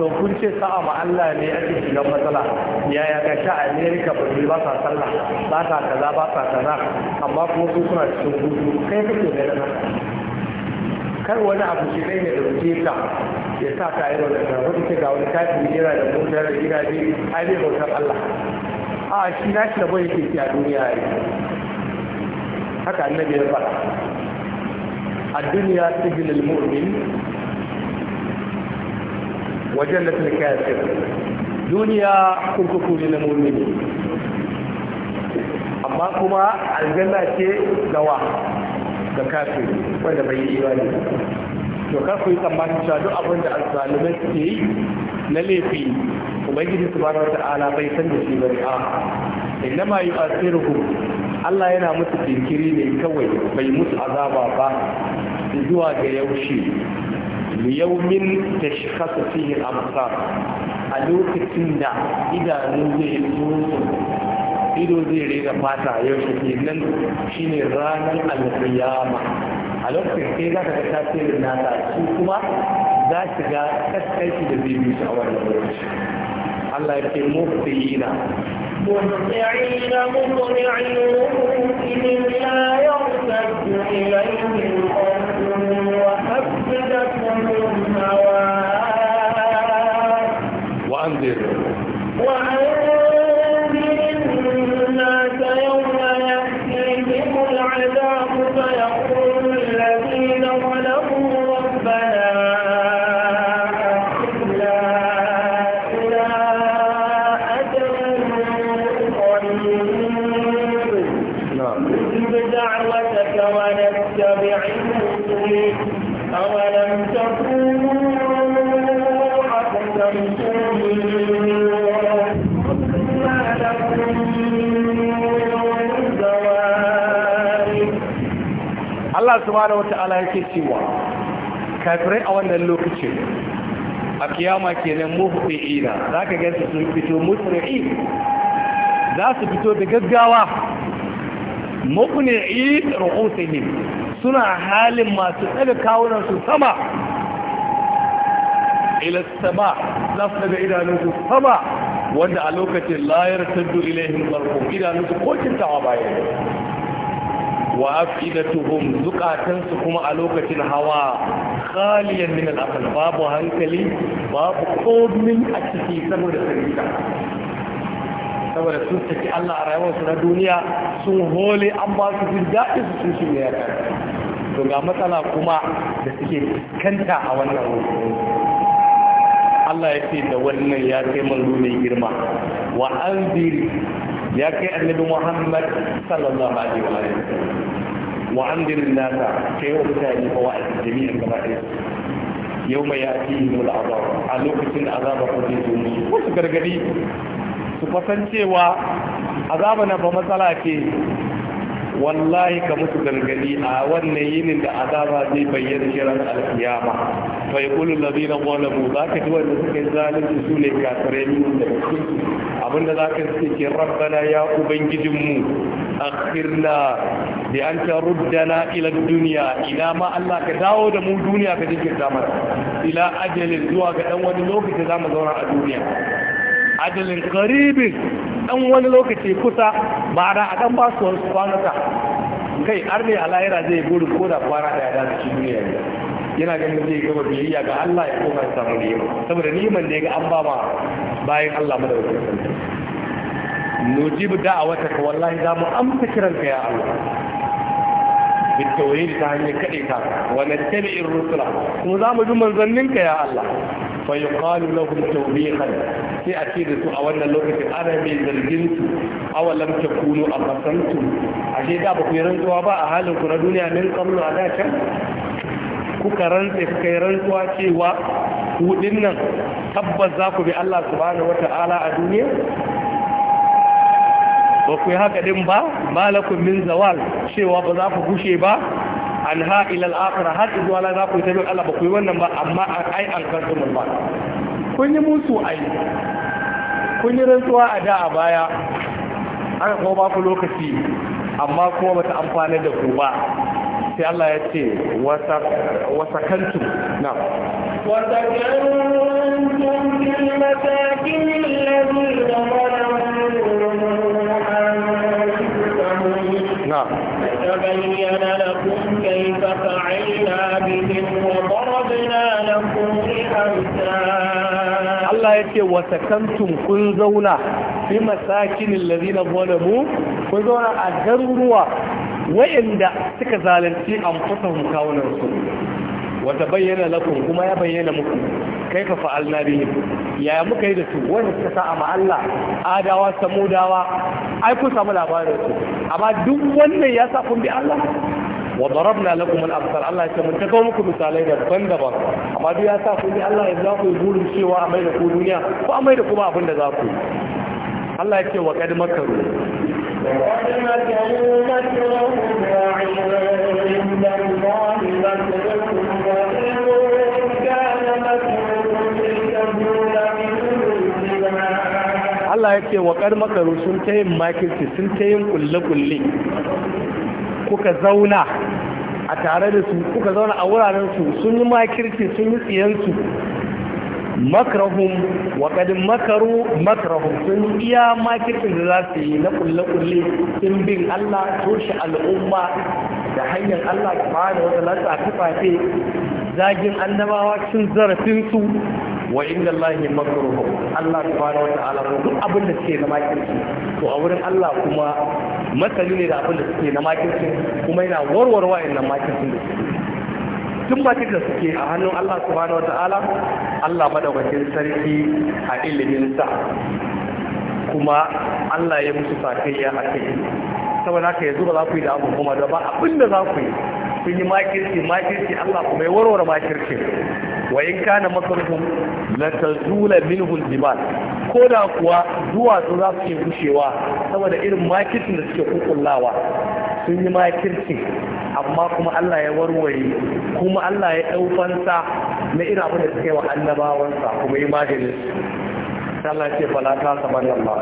to kun ce sa'a ma Allah ne ake shigan matsala yaya ga sha America ba ba sa sallah ba sa kaza ba sa kaza amma kuma su suna cikin hutu kai kake da na? kar wani abu shi ne ya dauke ka ya sa ta yi wani kan wani ce ga wani tafi yana da mota da gidaje ai bai bautar Allah a shi na shi da bai yake a duniya ya haka annabi ya faɗa a duniya wajen da wa jannatul ce. duniya kurkuku ne na mu'mini amma kuma aljanna ce gawa ga kafin wanda bai yi imani to kar yi tsammanin cewa duk abin da alzalimai suke yi na laifi ubangiji wata ala bai san da shi bari a inda ma yi yu'asiruhum Allah yana musu jinkiri ne kawai bai musu azaba ba zuwa ga yaushe liyaumin da shi kasa fiye a lokacin da idanun zai ido zai rera fata yau shi ke nan shi ne ranar alfiyama a lokacin sai za ka ce da nasa su kuma za su ga kaskanci da zai bisu a wannan lokaci Allah ya ce mutsiyina مطعين مطعين لا يرتد إليهم Allah subhanahu wata'ala yake cewa kafirai a wannan lokaci a kiyama kenan ina zaka ga su sun fito musri'i za su fito da gaggawa muqni'i ru'usihim suna halin masu tsaga kawunan su sama ila sama za su daga idanun su sama wanda a lokacin layar taddu ilaihim barkum idanun su kokin tawa bayan wa da afidatuhum zukatansu kuma a lokacin hawa khaliyan min al-aql babu hankali babu komin a ciki saboda sarita saboda sun saki Allah a rayuwarsu na duniya sun hole an ba su jin daɗi su sun shi ya to ga matsala kuma da suke kanta a wannan wuri Allah ya ce da wannan ya kai manzo mai girma wa anzir ya kai annabi Muhammad sallallahu alaihi wa sallam وأنذر الناس كي وقتاني فوائد الجميع المبادئ يوم يأتيهم العذاب على وقت su قديسون وسكرغني سفتن سوى عذابنا بمثلا كي wallahi ka musu gargadi a wannan yinin da azaba zai bayyana shirar alkiyama fa yaqulu allazina zalamu zaka ji wanda suka yi zalunci su ne kafirai min da abinda za ka ke rabbana ya ubangijin mu akhirna bi an taruddana ila dunya ina ma Allah ka dawo da mu duniya ka jinkirta mana ila ajalin zuwa ga dan wani lokaci zamu zauna a duniya ajalin qaribin dan wani lokaci kusa ba ma'ana a dan basu su kwanaka kai har ne lahira zai gudu ko da kwana da ya dace duniya yana ganin zai gaba biyayya ga Allah ya koma ya samu ni'ima saboda ni'iman da ya ga an ba ma bayan Allah madaukakin sarki nujibu da'awataka wallahi za mu amsa kiranka ya Allah بالتوحيد تعني كلمة ونتبع الرسل وزعم جمل ظننك يا الله فيقال لهم توبيخا في أكيد أولا لغة عربي للجنس أو لم تكونوا أقسمتم عشان ده بخيران توابا أهل كردوني من قبل أداك كوكران تفكيران تواشي و ودنا تبا ذاك بالله سبحانه وتعالى الدنيا ba ku yi haka ɗin ba malakun min zawal cewa ba za ku gushe ba an ha ilal akhir har zuwa la za ku yi tabin Allah ba ku yi wannan ba amma ai an karɓi mun ba kun yi musu ai kun yi rantsuwa a da a baya aka kuma ba ku lokaci amma kuma bata amfani da ku ba sai Allah ya ce wasakantu na wasakantu bil masakin alladhi نعم تبين لكم كيف فعلنا بهم وضربنا لكم الأمثال الله يتي وسكنتم كن زونا في مساكن الذين ظلموا كن زونا أجروا وإن suka zalunci amfusahum kawunansu wata bayyana lakum kuma ya bayyana muku kai fa fa'alna bihim yaya muka yi da su wanda suka sa adawa samudawa ai kun samu labarin su amma duk wannan ya sa kun bi Allah wa darabna lakum al-amsal Allah ya mun kawo muku misalai daban-daban amma duk ya sa kun bi Allah ya za ku yi burin cewa a mai da ku duniya ko a mai da kuma abin da za ku Allah ya ce wa kad makaru وقد مكروا مكرهم وعند الله مكرهم Allah ya ce wa kar makaru sun ta yin makirci sun ta yin kulle-kulle kuka zauna a tare da su kuka zauna a wuraren su sun yi makirci sun yi tsiyansu makarhun wa makaru makarhun sun iya makircin da za su yi na kulle-kulle sun bin Allah toshe al'umma da hanyar Allah ba da wata lantsa kafafe zagin annabawa cin zarafinsu wa inda Allah ya makruhu Allah subhanahu wata'ala ko duk abin da suke na makirci to a wurin Allah kuma masali ne da abin da suke na makirci kuma yana warware wa'annan makircin da suke tun bakin da suke a hannun Allah subhanahu wata'ala Allah madaukakin sarki a ilimin sa kuma Allah ya musu sakayya a kai saboda haka yanzu ba za ku yi da abu kuma da ba abin da za ku yi sun yi makirci makirci Allah kuma ya warware makirci wa in kana masarhum la tazula minhu aljibal ko da kuwa duwatsu za su yi gushewa saboda irin makircin da suke kukullawa sun yi makircin amma kuma Allah ya warware kuma Allah ya ɗaufansa na irin abin da suka yi wa annabawansa kuma yi maganin su. Allah ce fala ta saban da ba.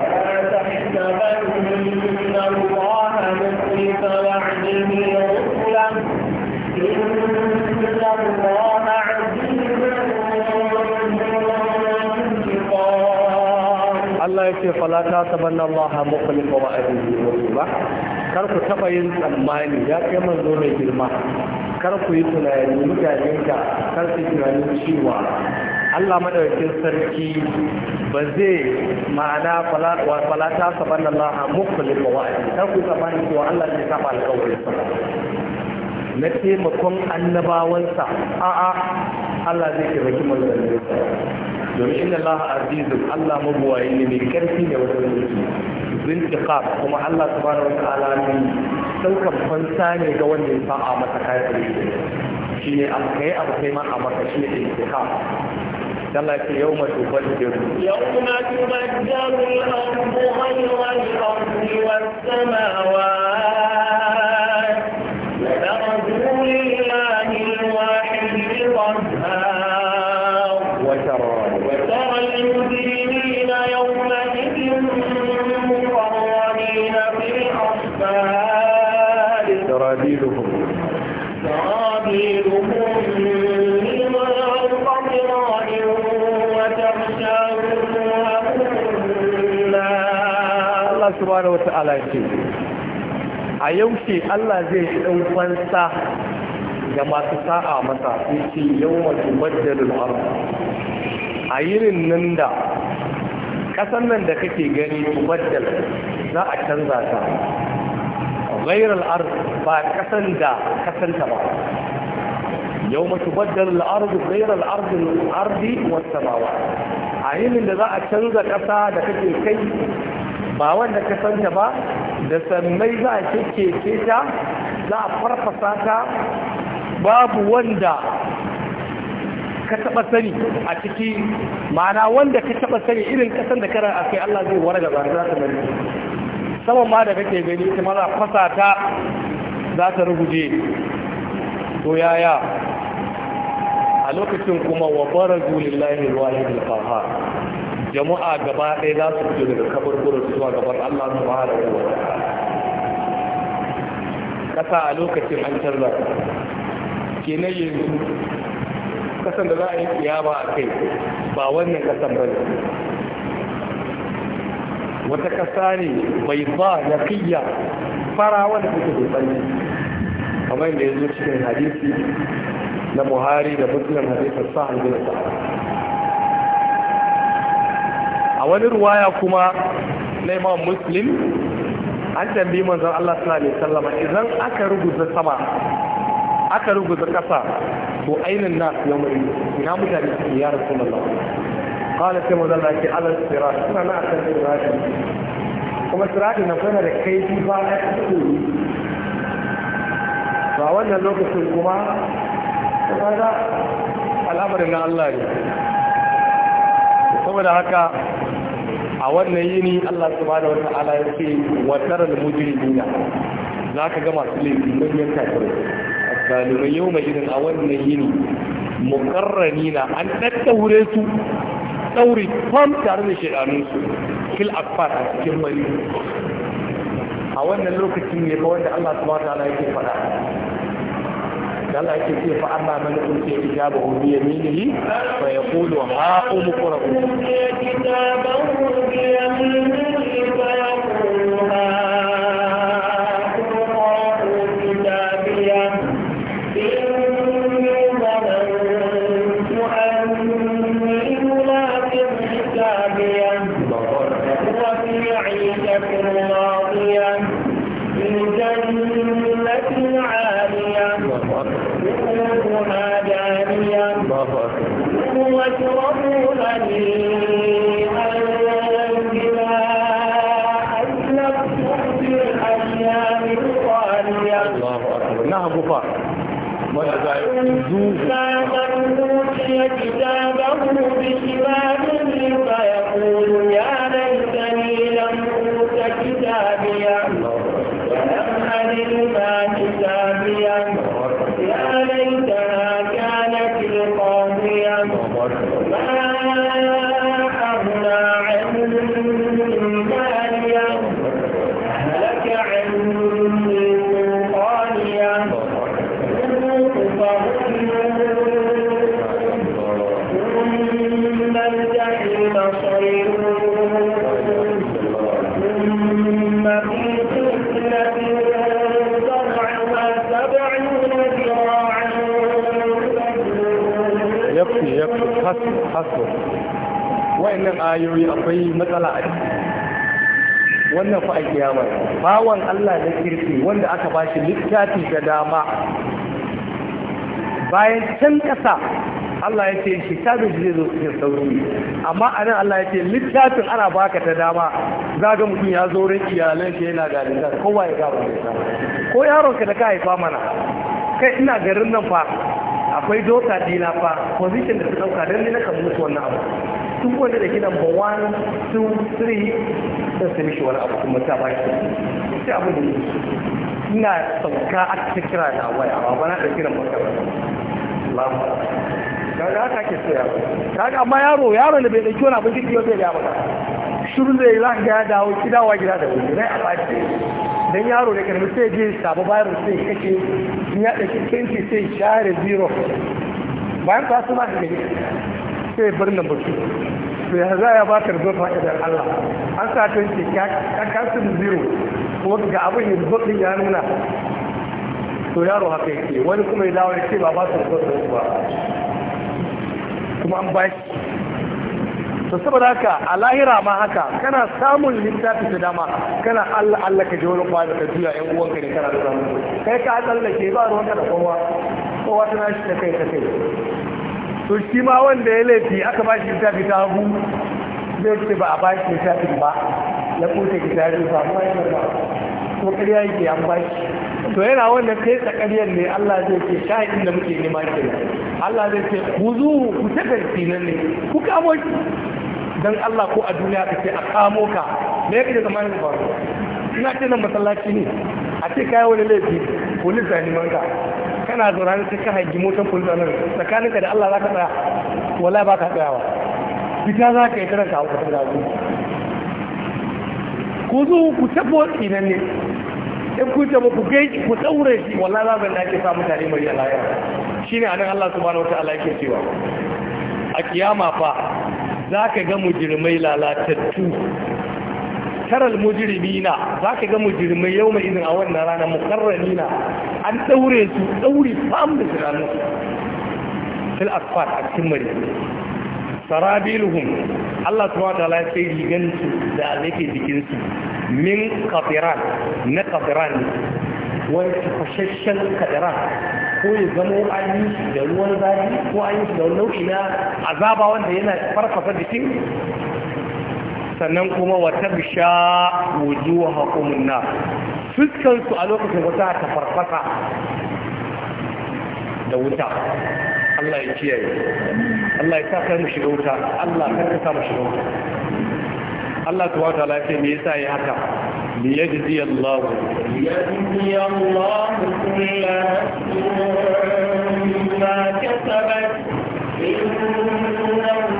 إن الله Allah ya ce falata ta banna Allah mukhlifa wa adihi ba kar ku taba yin tsammani ya kai manzo mai girma kar ku yi tunani mutanen ka kar ku tunanin cewa Allah madaukakin sarki ba zai ma'ana falata ta banna Allah mukhlifa wa adihi kar ku tsammani cewa Allah zai saba alƙawarin na taimakon annabawansa a'a Allah zai taimaki manzanninsa domin inna Allah azizun Allah mabuwayi ne mai karfi ne wajen mulki zintiqab kuma Allah subhanahu wa ta'ala ne saukan fansa ne ga wanda ya fa'a masa kafiri shi ne abu kai abu kai ma a maka shi ne intiqab Allah ya ce yau ma tubar jiru. Yau ma tubar jiru al-ardu ghayra al-ardi was-samawati ce a yaushe Allah zai ɗan fansa ga masu sa'a masa sai ce yawan tubaddalul arba a yirin nan da ƙasan nan da kake gani majal za a canza ta ghairal ardh ba da ba يوم تبدل غير والسماوات عين da za a canza ƙasa da kake kai ba wanda ba da sannai za a kekece ta za a farfasa ta babu wanda ka taba sani a ciki ma'ana wanda ka taba sani irin kasan da karar a kai Allah zai warga ba za ta bari saman ma da kake gani ta ma za a fasa ta za ta rubuje to yaya a lokacin kuma wa barazu lillahi wahid al-qahhar jama'a gaba ɗaya za su fito daga kaburburan zuwa gaban Allah subhanahu wa ta'ala kasa a lokacin an canza kenan yanzu kasan da za a yi kiyama a kai ba wannan kasan ba wata kasa ne bai ba na kiyya fara wanda kuke da tsanni kamar da ya zo cikin hadisi na buhari da muslim hadisin sa'ad bin sa'ad a wani ruwaya kuma na imam muslim an tambayi manzon Allah sallallahu alaihi wasallam idan aka rubuta sama aka rubuta kasa to ainin nas yawma ina mutane su ya rasulullah qala sai manzon Allah ke ala sirat suna na akan sirat kuma sirat na fara da kai ba a cikin ba wannan lokacin kuma kaga al'amarin na Allah ne saboda haka a wannan yini Allah subhanahu wata'ala ya ce wa taral mujrimina zaka ga masu laifi manyan kafirai zalimai yau mai irin a wannan yini mukarranina an daddaure su daure fam tare da shedanun su fil afar a cikin mari a wannan lokacin ne ba wanda Allah subhanahu wata'ala ce faɗa Allah yake ce fa amma man utiya kitabahu bi yaminihi fa yaqulu ha umqra'u kitabahu bi yaminihi fa ba wanda za a yi zuwa ayoyi akwai matsala a ciki wannan fa a kiyama bawan Allah na kirki wanda aka ba shi littafi da dama bayan can kasa Allah ya ce shi ta zai zo cikin sauri amma a nan Allah ya ce littafin ana baka ta dama za ga mutum ya zo rin iyalan shi yana ga littafin kowa ya gaba ko yaron ka da ka haifa mana kai ina garin nan fa akwai doka dina fa position da ta dauka dan ne na kan mutu wannan abu sun wanda da gidan ba 1 2 3 sun sami shi wani abu kuma ta ba shi sai abu da ina sauka a cikin kira da waya ba ba na da kiran ba Allahu kaga haka ke so yaro kaga amma yaro yaro da bai dauki wani abin jiki zai ya maka shiru zai za ka ya dawo kidawa gida da wuri na a bace dan yaro da karbi sai je sabu bayar sai kake in ya dauki 20 sai share zero bayan ka su ma ka gani sai bar nan baki to ya za ya baka result ba idan Allah an sa ta ce ka kasin zero kuma ga abin result din ya nuna to yaro haka yake wani kuma ya dawo ya ce ba ba su result da ba kuma an ba shi to saboda haka a lahira ma haka kana samun littafi da dama kana Allah Allah ka je wani kwana ka juya ƴan uwanka ne kana da samu kai ka tsallake ba ruwanka da kowa kowa tana shi ta kai ta kai to shi ma wanda ya laifi aka ba shi littafi ta hagu zai ce ba a ba shi littafin ba ya ki gidari ba ba shi ba ko ƙarya yake an ba shi to yana wanda kai tsakariyar ne Allah zai ce shahidin da muke nema ke Allah zai ce ku zu ku tagarci nan ne ku kamo shi dan Allah ko a duniya ka ce a kamo ka me yake da zamanin ba ina ce nan masallaci ne a ce kai wani laifi ko lissani manka kana zaurari sai ka haji motar polis a nan tsakaninka da Allah za ka tsaya wala ba ka tsayawa fita za ka yi karanka a wutar da ku zo ku tabo idan ne in ku tabo ku gai ku tsaure shi wala za ka ake sa mutane mai ne a anan Allah su wata wataala yake cewa a kiyama fa za ka ga mujirmai lalatattu taral mujrimina za ka ga mujrimai yau mai izin a wannan rana mukarramina an daure su daure fam da shiranin fil asfar a cikin mari sarabiluhum Allah subhanahu wataala ya sai rigan su da yake jikin su min kafiran na kafiran wani tafashashen kadiran ko ya zama an yi da ruwan zafi ko an yi da nau'i na azaba wanda yana farfasa jikin sannan kuma wata bisha wa haƙumin na fuskansu a lokacin wata ta farfasa da wuta Allah ya kiyaye Allah ya sa kai mu shiga wuta Allah ya ka sa mu shiga wuta Allah subhanahu wa ta'ala me yasa ya haka li yajzi Allah yajzi Allah kullu nafsin ma kasabat inna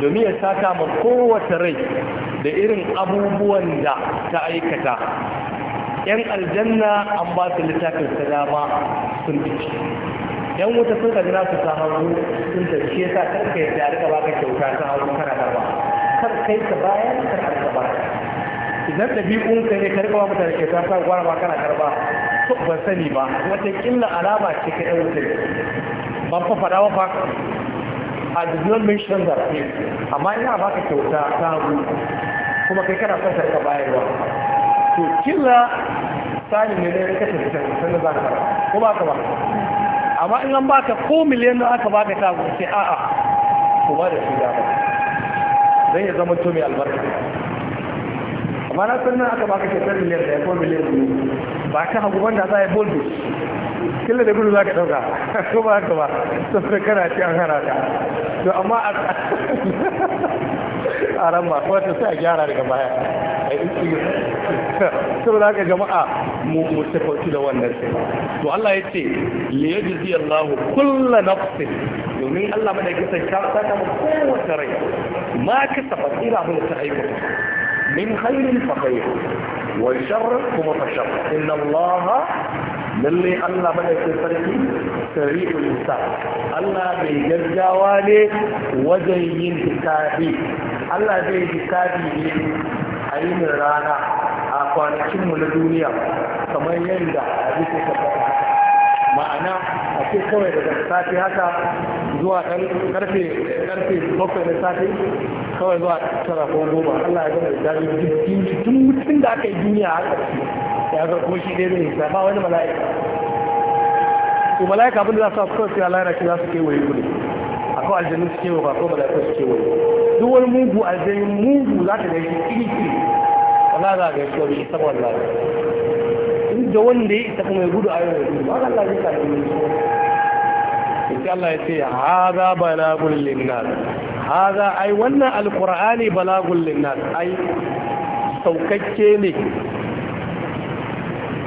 domin ya sata ma kowace rai da irin abubuwan da ta aikata yan aljanna an ba su littafin ta dama sun fice yan wuta sun ka jira su ta hannu sun ta ce sa karka yadda rika ka kyauta ta hannu kana da ba kar kai ka bayan kar ka ba idan ɗabi'unka ne karɓa wa mutane ke ta gwara ba kana karɓa to ban sani ba wata kila alama ce ka yan wuta ban fa faɗa wa fa I did not mention that amma ina ka kyauta sabu kuma kai kana son ka bayarwa to killa sani ne ne ka tafi sai za ka ko ba ka ba amma in an baka ko miliyan na aka baka ta go sai a'a ko ba da shi da ba dan ya zama to mai albarka amma na san nan aka baka kyautar miliyan da ya ko miliyan ba ka hagu wanda za a yi bold killa da gudu za ka ɗauka Kuma ba haka ba saboda kana ci an hana ka to amma a ran ma ta sai a gyara daga baya a yi To saboda haka jama'a mu mu tafauci da wannan sai to Allah ya ce liyajzi Allahu kullu nafsin domin Allah madaikin sai ta saka mu kowace rai ma kisa kasabat ila abin ta aikata min khairin fa khair wa sharr kuma fa sharr inna Allah lallai Allah madaukin sarki sari'ul hisab Allah bai gaggawa ne wajen yin hisabi Allah zai hisabi ne a yin rana a kwanakin mu na duniya kamar yadda a bisa ma'ana a ce kawai daga safi haka zuwa ɗan ƙarfe ƙarfe bakwai na safe kawai zuwa tara ko goma Allah ya gama da jirgin duk mutum da aka yi duniya a ƙarshe ya ga kuma shi ɗaya zai hisa ba wani mala'ika to mala'ika abin da za su kawai sai Allah ya za su kewaye ku ne akwai aljanu su kewaye ba ko mala'ika su kewaye duk wani mugu aljanu mugu za ta gaishe iri iri wala za a gaishe wani isa duk da wanda ya isa kuma ya gudu a yau da gudu ba Allah zai sai Allah ya ce haza balagul linnas haza ai wannan alqur'ani balagul linnas ai saukakke ne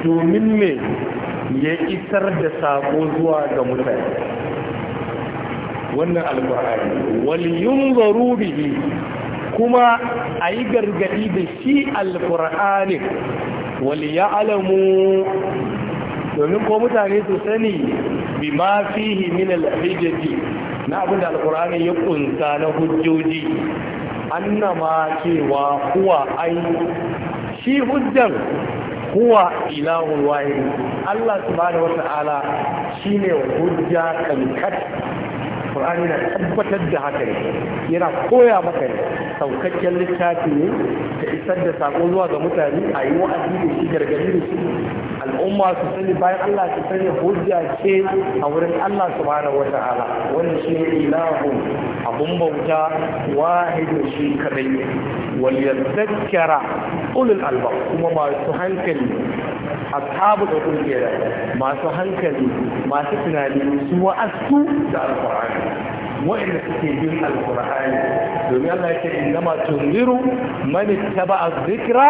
domin me ya isar da sako zuwa ga mutane wannan alqur'ani wal yunzaru bihi kuma a yi gargadi da shi alqur'ani wali ya alamu domin ko mutane su sani bima fihi min al na abin da ya kunsa na hujjoji annama cewa huwa ai shi hujjan huwa ilahun wahid Allah subhanahu wata'ala shine hujja kankat Qur'ani na tabbatar da haka ne yana koya maka ne saukakken littafi ne ta isar da sako zuwa ga mutane a yi wa'azi da shi gargadi da shi al'umma su sani bayan Allah su sani hujja ce a wurin Allah subhanahu wa ta'ala wannan shi ne ilahu abun bauta wahidu shi kadai wal yadhakkara ulul alba kuma masu hankali ashabu da kungiyar masu hankali masu tunani su wa'astu da alqur'ani wa'anda suke bin alkur'ani domin Allah ya ce innama tunziru man ittaba'a dhikra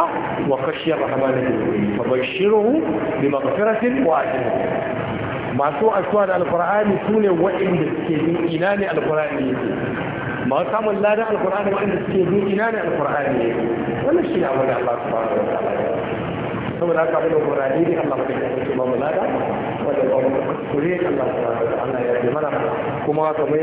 wa khashiya rahmani fa bashiruhu bi maghfiratin wa ajrin masu asuwa da alkur'ani sune wa'anda suke bin ina ne alkur'ani yake ma samun ladan alkur'ani wa'anda suke bin ina ne alkur'ani yake wannan shi ne abin da Allah subhanahu wa ta'ala saboda haka abin da kuma ne Allah ba ta kuma mulada wanda ba mu kure Allah ta Allah ya yi mana kuma kamar